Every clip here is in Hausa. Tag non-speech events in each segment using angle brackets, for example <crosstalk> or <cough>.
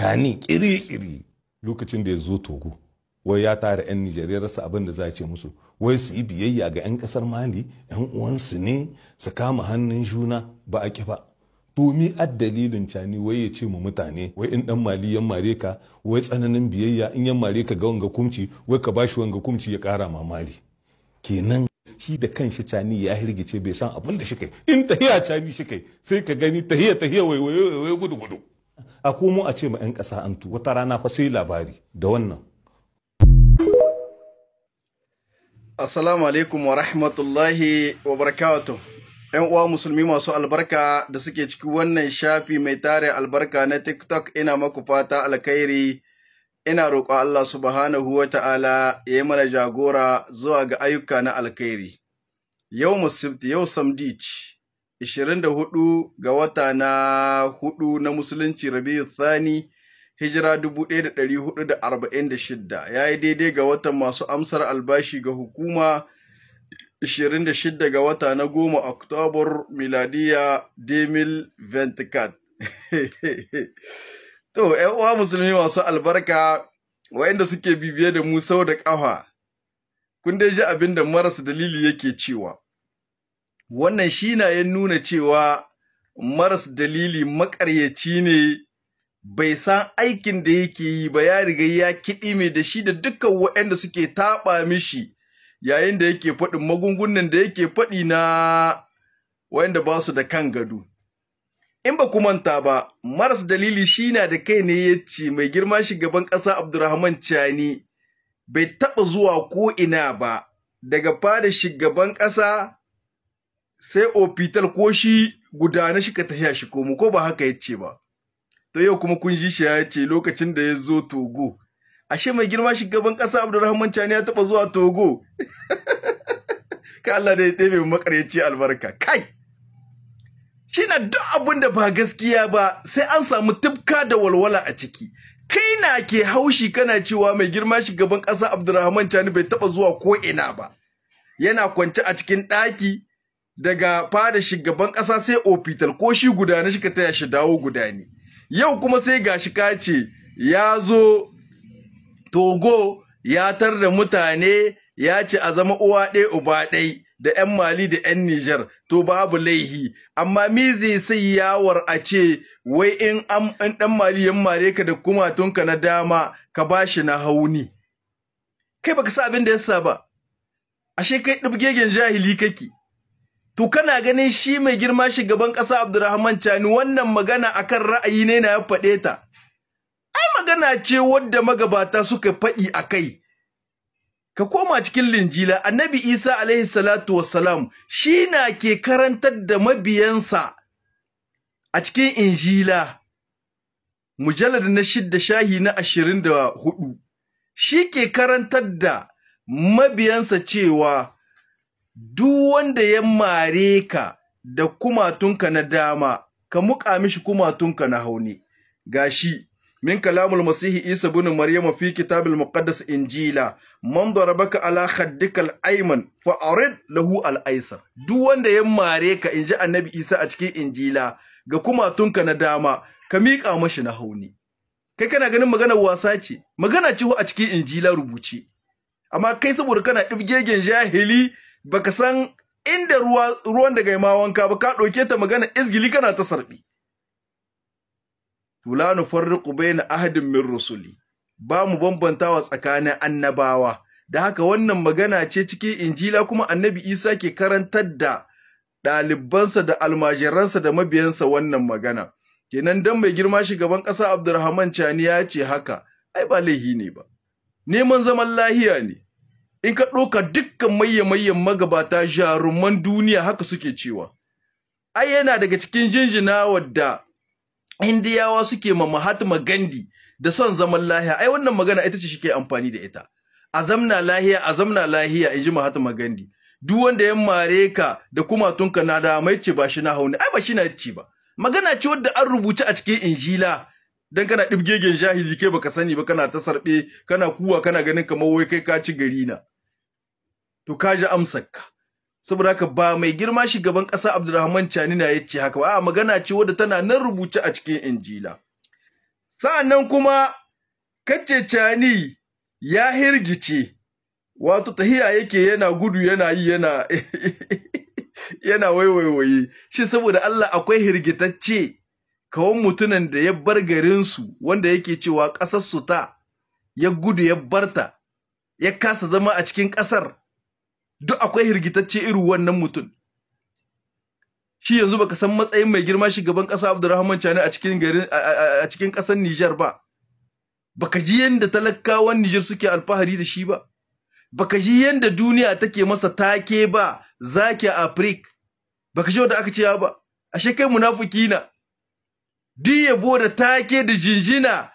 tani kiri-kiri lokacin da ya zo togo wai ya tara 'yan nijeriya rasa abin da za a ce musu wai su yi biyayya ga 'yan kasar mali 'yan uwansu ne su kama hannun juna ba a ƙi ba to mi a dalilin cani wai ya ce ma mutane wai in dan mali yan mare ka wai tsananin biyayya in yan mare ka ga wanga kumci wai ka bashi wanga kumci ya kara ma mali kenan shi da kanshi cani ya hirgice bai san abin da shi kai in tahiya cani shi kai sai ka gani tahiya tahiya wai wai gudu gudu a komo a ce ma 'yan ƙasa Antu wata rana fa sai labari da wannan assalamu alaikum wa rahmatullahi wa barakatu. yan uwa musulmi masu albarka da suke ciki wannan shafi mai tare albarka na tiktok ina maku fata alkhairi ina roƙo Allah subhanahu wa ta'ala ya yi mana jagora zuwa ga ayyuka na alkhairi yau musibti yau samdici 24 ga wata na hudu na musulunci rabiu thani hijira 1446 ya yi daidai ga watan masu amsar albashi ga hukuma 26 ga wata na goma oktobar miladiya demil venticat <laughs> to uwa musulmi masu albarka wa'inda suke bibiye da mu da ƙafa kun dai ji abin da marasa dalili yake cewa wannan shi na ya nuna cewa maras dalili makaryaci ne bai san aikin da yake yi ba ya riga ya kiɗi mai da shi da dukkan waɗanda suke taɓa mishi yayin da yake faɗi magungunan da yake faɗi na waɗanda ba su da kan gado. In ba kumanta ba, maras dalili shi na da kai ne ya ce mai girma shugaban ƙasa Abdurrahman Chani bai taɓa zuwa ko ina ba daga fada shugaban ƙasa sai opital ko shi gudana shi ka tahiya shi komo ko ba haka ya ce ba to yau kuma kun ji shi ya ce lokacin da ya zo togo ashe mai girma shugaban ƙasa abdulrahman cani ya taɓa zuwa togo <laughs> ka Allah da ya ɗebe makaryaci albarka kai shi na duk abin da ba gaskiya ba sai an samu tufka da walwala a ciki kai na ke haushi kana cewa mai girma shugaban ƙasa abdulrahman cani bai taɓa zuwa ko ina ba yana kwance a cikin ɗaki daga fada shugaban ƙasa sai Opital ko shi guda na shi ka taya shi dawo guda ne yau kuma sai ga shi kace ce ya zo togo ya tar da mutane ya ce a zama uwa ɗaya uba ɗai da 'yan mali da 'yan nijar to babu laihi amma Mizi zai sai yawar a ce wai in an ɗan mali yan mare ka da kumatunka na dama ka ba shi na hauni kai baka sa abin da yasa ba ashe kai ɗibgegen jahili kake to kana ganin shi mai girma shugaban ƙasa Abdurrahman Chani wannan magana akan ra'ayi ne na ya faɗe ta ai magana ce wadda magabata suka faɗi a kai ka koma cikin linjila annabi Isa alaihi salatu wassalam shi na ke karantar da mabiyansa a cikin injila mujallar na shidda shahi na ashirin da hudu shi ke karantar da mabiyansa cewa duk wanda ya mare ka da kumatunka na dama ka muƙa mishi kumatunka na hauni Ga shi min kalamul masihi isa bin maryam fi kitabil muqaddas injila man darabaka ala khaddikal ayman fa lahu al aisar duk wanda ya mare ka in ji annabi isa a cikin injila ga kumatunka na dama ka miƙa mashi na hauni kai kana ganin maganar wasa ce magana ce a cikin injila rubuce amma kai saboda kana ɗibgegen jahili baka san inda ruwa ruwan daga ma wanka ba ka ɗauke ta magana izgili kana ta sarbi to la nufarriqu baina ahadin min rusuli ba mu bambantawa tsakanin annabawa da haka wannan magana ce cikin injila kuma annabi isa ke karantar da ɗalibansa da almajiransa da mabiyansa wannan magana kenan dan mai girma shugaban ƙasa abdurrahman cani ya ce haka ai ba laihi ne ba neman zaman lahiya ne in ka ɗauka dukkan mayyamayyan magabata jaruman duniya haka suke cewa ai yana daga cikin jinjina wadda indiyawa suke ma mahatma gandhi da son zaman lahiya ai wannan magana ita ce shi amfani da ita azamna lahiya azamna lahiya in ji mahatma gandhi duk wanda ya mare ka da kuma kumatunka na da mai ce ba shi na hauni ai ba shi na ci ba magana ce wadda an rubuce a cikin injila dan kana dibgegen jahili kai baka sani ba kana ta sarbe kana kuwa kana ganin kamar wai kai ka ci gari na to ka ji amsarka saboda haka ba mai girma shugaban ƙasa Abdulrahman na ya ce haka ba a magana ce wadda tana nan rubuce a cikin Injila nan kuma kace Chani ya hirgice wato tahiya yake yana gudu yana yi yana <laughs> yana waiwaiwaye shi saboda Allah akwai hirgitacce kawon mutunan da ya bar garinsu wanda yake cewa ƙasarsu ta ya gudu ya barta ya kasa zama a cikin ƙasar duk akwai hirgitacce irin wannan mutum shi yanzu baka san matsayin mai girma shugaban ƙasa Abdulrahman Chani a cikin garin a cikin ƙasar Niger ba baka ji yanda talakawan Niger suke alfahari da shi ba baka ji yanda duniya take masa take ba zaki a Afrik baka ji da aka ce ba ashe kai munafiki na duk yabo da take da jinjina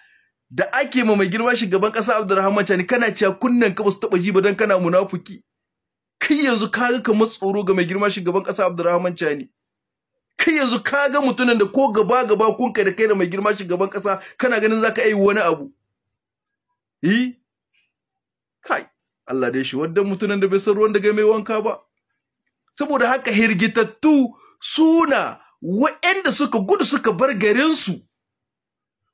da ake ma mai girma shugaban ƙasa Abdulrahman Chani kana cewa kunnen ka ba su taba ji ba dan kana munafuki? kai yanzu kaga kamar tsoro ga mai girma shugaban ƙasa Abdulrahman Chani kai yanzu kaga mutumin da ko gaba gaba kun kai da kai da mai girma shugaban ƙasa kana ganin zaka yi wani abu yi kai Allah dai shi wanda mutunan da bai san ruwan daga mai wanka ba saboda haka hirgitattu suna wa'yanda suka gudu suka bar garinsu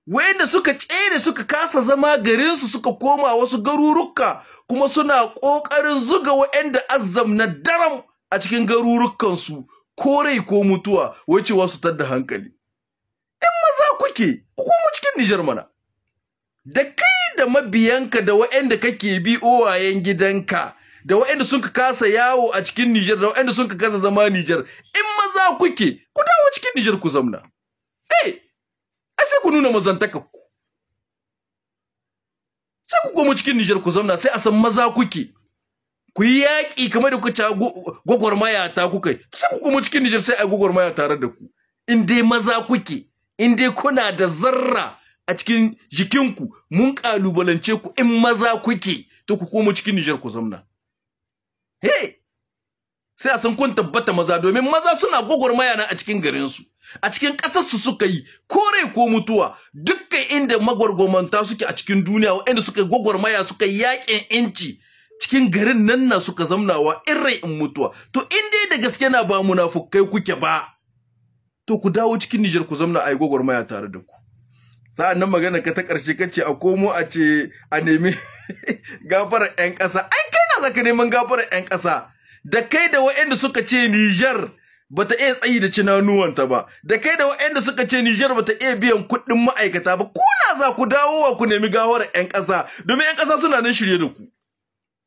wanda suka tsere suka kasa zama garin su suka koma wasu garuruka kuma suna ƙoƙarin zuga wayanda azzam na daram a cikin garurukansu ko rai ko mutuwa wacewa su tadda hankali in maza kuke ku koma cikin Niger mana da kai da mabiyanka da wayanda kake bi owayen gidanka da waɗanda sun kasa yawo a cikin Nijar da waɗanda sun kasa zama Nijar in maza kuke ku dawo cikin Nijar ku zamna eh sai ku nuna mazantakar ku sai ku koma cikin Nijar ku zauna sai a san maza kuke ku yi yaƙi kamar da kuka gwagwarmaya ta kuka sai ku koma cikin Nijar sai a gwagwarmaya tare da ku in dai maza kuke in dai kuna da zarra a cikin jikinku mun kalubalance ku in maza kuke to ku koma cikin Nijar ku zauna he sai a san kun tabbata maza domin maza suna gwagwarmaya na a cikin garinsu a cikin ƙasar su suka yi kore ko mutuwa dukka inda magwargwamanta suke a cikin duniya waɗanda suka gwagwarmaya suka yaƙin inci cikin garin nan na suka zamnawa in rai in mutuwa to in dai da gaske na ba munafukai kuke ba to ku dawo cikin Nijar ku zamna ai gwagwarmaya tare da ku sa'an nan magana ka ta ƙarshe ka ce a komo a ce a nemi <laughs> gafara ƴan ƙasa ai kai na zaka neman gafara ƴan ƙasa da kai da waɗanda suka ce Nijar bata iya tsayi da cinanuwanta ba da kai da waɗanda suka ce Nijar bata iya biyan kuɗin ma'aikata ba kuna za ku dawo wa ku nemi gawar 'yan ƙasa domin 'yan ƙasa suna nan shirye da ku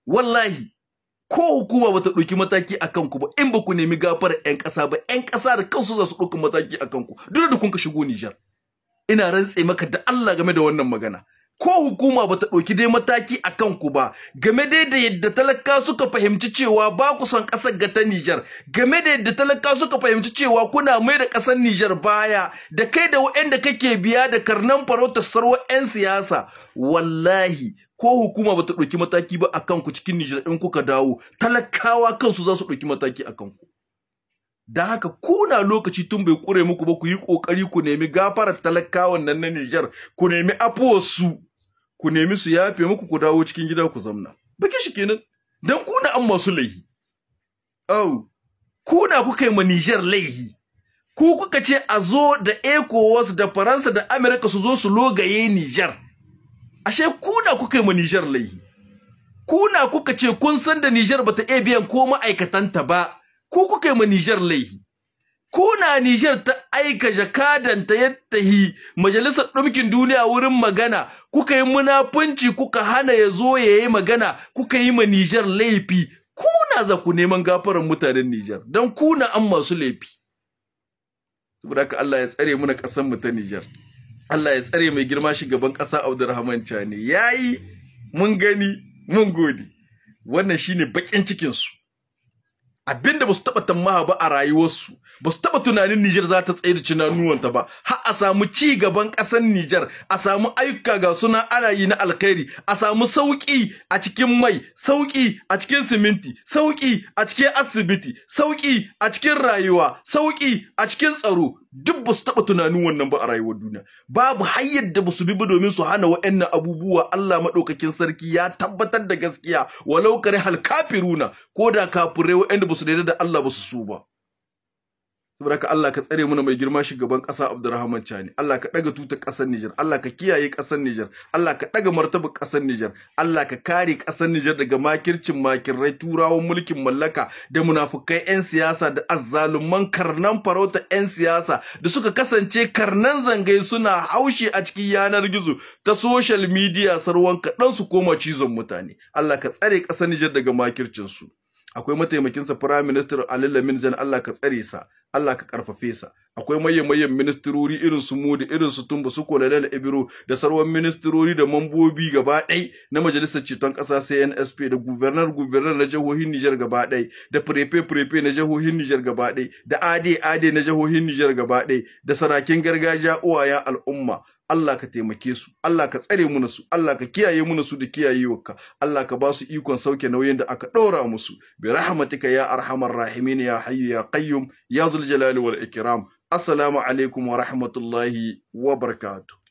wallahi ko hukuma bata ɗauki mataki a kanku ba in ba ku nemi gafar 'yan ƙasa ba 'yan ƙasa da kansu za su ɗauki mataki a kanku duk da kun ka shigo Nijar ina rantse maka da Allah game da wannan magana ko hukuma ba ta ɗauki dai mataki a kanku ba game dai da yadda talaka suka fahimci cewa ba ku son ƙasar ga ta Nijar game da yadda talaka suka fahimci cewa kuna mai da ƙasar Nijar baya da kai da waɗanda kake biya da karnan farautar sarwa 'yan siyasa wallahi ko hukuma ba ta ɗauki mataki ba a kanku cikin Nijar in kuka dawo talakawa kansu za su ɗauki mataki a kanku da haka kuna lokaci tun bai kure muku ba ku yi kokari ku nemi gafarar talakawan nan na Nijar ku nemi afuwarsu ku nemi su yafe muku ku dawo cikin gida ku zamna baki shi kenan Don ku na an masu laihi au ku na kuka yi ma Nijar laihi ku kuka ce a zo da ECOWAS da Faransa da Amerika su zo su logaye nijar? ashe ku na kuka yi ma Nijar laihi ku na kuka ce kun san da nijar bata ta biyan ko ma'aikatanta ba ku kuka yi ma nijar laihi kuna Nijar ta aika jakadanta yadda hi majalisar ɗumkin duniya wurin magana kuka yi munafunci kuka hana ya zo ya yi magana kuka yi ma Nijar laifi kuna za ku neman gafarar mutanen Nijar don kuna an masu laifi saboda haka Allah ya tsare muna ƙasar mu ta Nijar. Allah ya tsare mai girma shugaban ƙasa Abdulrahman Chani yayi mun gani mun gode wannan shine bakin cikin su abinda ba su taɓa tamaha ba a rayuwarsu ba su taɓa tunanin Nijar za ta tsaye da cinanuwanta ba har a samu ci gaban ƙasar Nijar a samu ayyuka ga suna ana yi na alkhairi a samu sauƙi a cikin mai sauƙi a cikin siminti sauƙi a cikin asibiti sauƙi a cikin rayuwa sauƙi a cikin tsaro duk ba su taɓa tunanin wannan ba a rayuwar duniya babu har yadda ba su bi ba domin su hana wa'annan abubuwa Allah maɗaukakin sarki ya tabbatar da gaskiya walau kare hal kafiruna ko da kafirai wa'anda ba su daidai da Allah ba su su ba saboda ka Allah ka tsare mana mai girma shugaban ƙasa Abdurrahman Chani Allah ka daga tutar ƙasar Niger Allah ka kiyaye ƙasar Niger Allah ka daga martabar ƙasar Niger Allah ka kare ƙasar Niger daga makircin makirrai turawan mulkin mallaka da munafukai ƴan siyasa da azzaluman karnan farauta 'yan siyasa da suka kasance karnan zangai suna haushi a cikin yanar gizo ta social media sarwan kaɗan su koma cizon mutane Allah ka tsare ƙasar Niger daga makircin su akwai mataimakinsa Prime minister Ali Lamin Zan Allah ka tsare sa Allah ka karfafe sa akwai mayyayen ministerori irin su Modi irin su Tumba su Kololele Ibiro da sarwan ministerori da mambobi gaba ɗai na majalisar ceton ƙasa CNSP da governor governor na jihohin Niger gaba ɗai da prepe prepe na jihohin Niger gaba ɗai da ade ade na jihohin Niger gaba ɗai da sarakin gargajiya uwaya al'umma Allah ka taimake su Allah ka tsare mu su Allah ka kiyaye mu su da kiyayewarka Allah ka ba su ikon sauke nauyin da aka ɗora musu bi rahmatika ya arhamar rahimin ya hayyu ya qayyum ya zuljalali wal ikram assalamu alaikum wa rahmatullahi wa barakatuh